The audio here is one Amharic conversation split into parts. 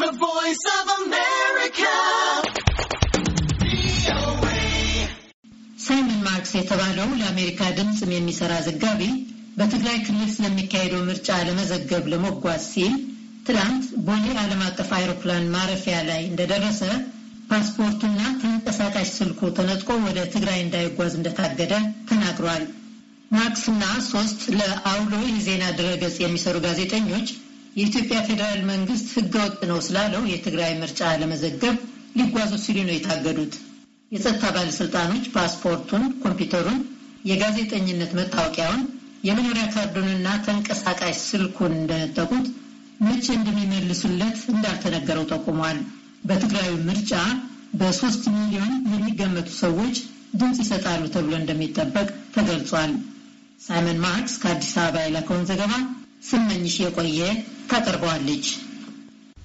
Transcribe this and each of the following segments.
The Voice of America. ሳይመን ማርክስ የተባለው ለአሜሪካ ድምፅም የሚሰራ ዘጋቢ በትግራይ ክልል ስለሚካሄደው ምርጫ ለመዘገብ ለመጓዝ ሲል ትላንት ቦሌ ዓለም አቀፍ አይሮፕላን ማረፊያ ላይ እንደደረሰ ፓስፖርቱና ተንቀሳቃሽ ስልኩ ተነጥቆ ወደ ትግራይ እንዳይጓዝ እንደታገደ ተናግሯል። ማርክስና ሶስት ለአውሎ የዜና ድረገጽ የሚሰሩ ጋዜጠኞች የኢትዮጵያ ፌዴራል መንግስት ህገወጥ ነው ስላለው የትግራይ ምርጫ ለመዘገብ ሊጓዙ ሲሉ ነው የታገዱት። የጸጥታ ባለስልጣኖች ፓስፖርቱን፣ ኮምፒውተሩን፣ የጋዜጠኝነት መታወቂያውን፣ የመኖሪያ ካርዱንና ተንቀሳቃሽ ስልኩን እንደነጠቁት መቼ እንደሚመልሱለት እንዳልተነገረው ጠቁሟል። በትግራዩ ምርጫ በሶስት ሚሊዮን የሚገመቱ ሰዎች ድምፅ ይሰጣሉ ተብሎ እንደሚጠበቅ ተገልጿል። ሳይመን ማርክስ ከአዲስ አበባ የላከውን ዘገባ ስመኝሽ የቆየ ታቀርበዋለች።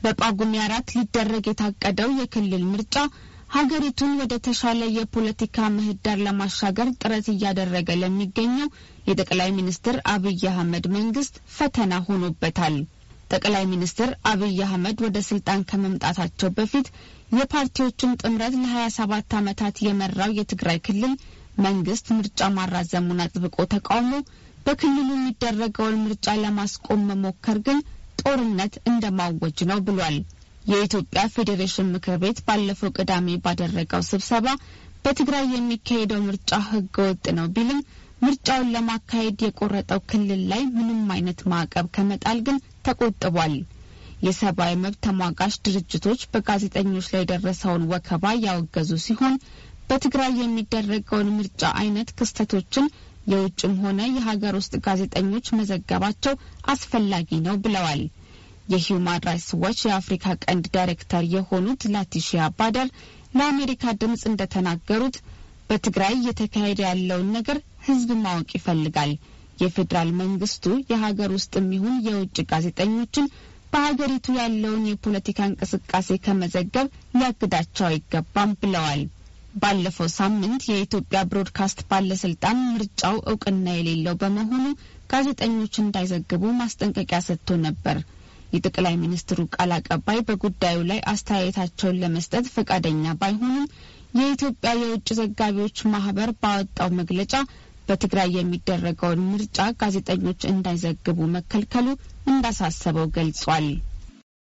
በጳጉሜ አራት ሊደረግ የታቀደው የክልል ምርጫ ሀገሪቱን ወደ ተሻለ የፖለቲካ ምህዳር ለማሻገር ጥረት እያደረገ ለሚገኘው የጠቅላይ ሚኒስትር አብይ አህመድ መንግስት ፈተና ሆኖበታል። ጠቅላይ ሚኒስትር አብይ አህመድ ወደ ስልጣን ከመምጣታቸው በፊት የፓርቲዎችን ጥምረት ለሀያ ሰባት ዓመታት የመራው የትግራይ ክልል መንግስት ምርጫ ማራዘሙን አጥብቆ ተቃውሞ በክልሉ የሚደረገውን ምርጫ ለማስቆም መሞከር ግን ጦርነት እንደማወጅ ነው ብሏል። የኢትዮጵያ ፌዴሬሽን ምክር ቤት ባለፈው ቅዳሜ ባደረገው ስብሰባ በትግራይ የሚካሄደው ምርጫ ህገ ወጥ ነው ቢልም ምርጫውን ለማካሄድ የቆረጠው ክልል ላይ ምንም አይነት ማዕቀብ ከመጣል ግን ተቆጥቧል። የሰብአዊ መብት ተሟጋች ድርጅቶች በጋዜጠኞች ላይ የደረሰውን ወከባ ያወገዙ ሲሆን በትግራይ የሚደረገውን ምርጫ አይነት ክስተቶችን የውጭም ሆነ የሀገር ውስጥ ጋዜጠኞች መዘገባቸው አስፈላጊ ነው ብለዋል። የሂዩማን ራይትስ ዋች የአፍሪካ ቀንድ ዳይሬክተር የሆኑት ላቲሺያ ባደር ለአሜሪካ ድምፅ እንደተናገሩት በትግራይ እየተካሄደ ያለውን ነገር ህዝብ ማወቅ ይፈልጋል። የፌዴራል መንግስቱ የሀገር ውስጥ የሚሆን የውጭ ጋዜጠኞችን በሀገሪቱ ያለውን የፖለቲካ እንቅስቃሴ ከመዘገብ ሊያግዳቸው አይገባም ብለዋል። ባለፈው ሳምንት የኢትዮጵያ ብሮድካስት ባለስልጣን ምርጫው እውቅና የሌለው በመሆኑ ጋዜጠኞች እንዳይዘግቡ ማስጠንቀቂያ ሰጥቶ ነበር። የጠቅላይ ሚኒስትሩ ቃል አቀባይ በጉዳዩ ላይ አስተያየታቸውን ለመስጠት ፈቃደኛ ባይሆኑም የኢትዮጵያ የውጭ ዘጋቢዎች ማህበር ባወጣው መግለጫ በትግራይ የሚደረገውን ምርጫ ጋዜጠኞች እንዳይዘግቡ መከልከሉ እንዳሳሰበው ገልጿል።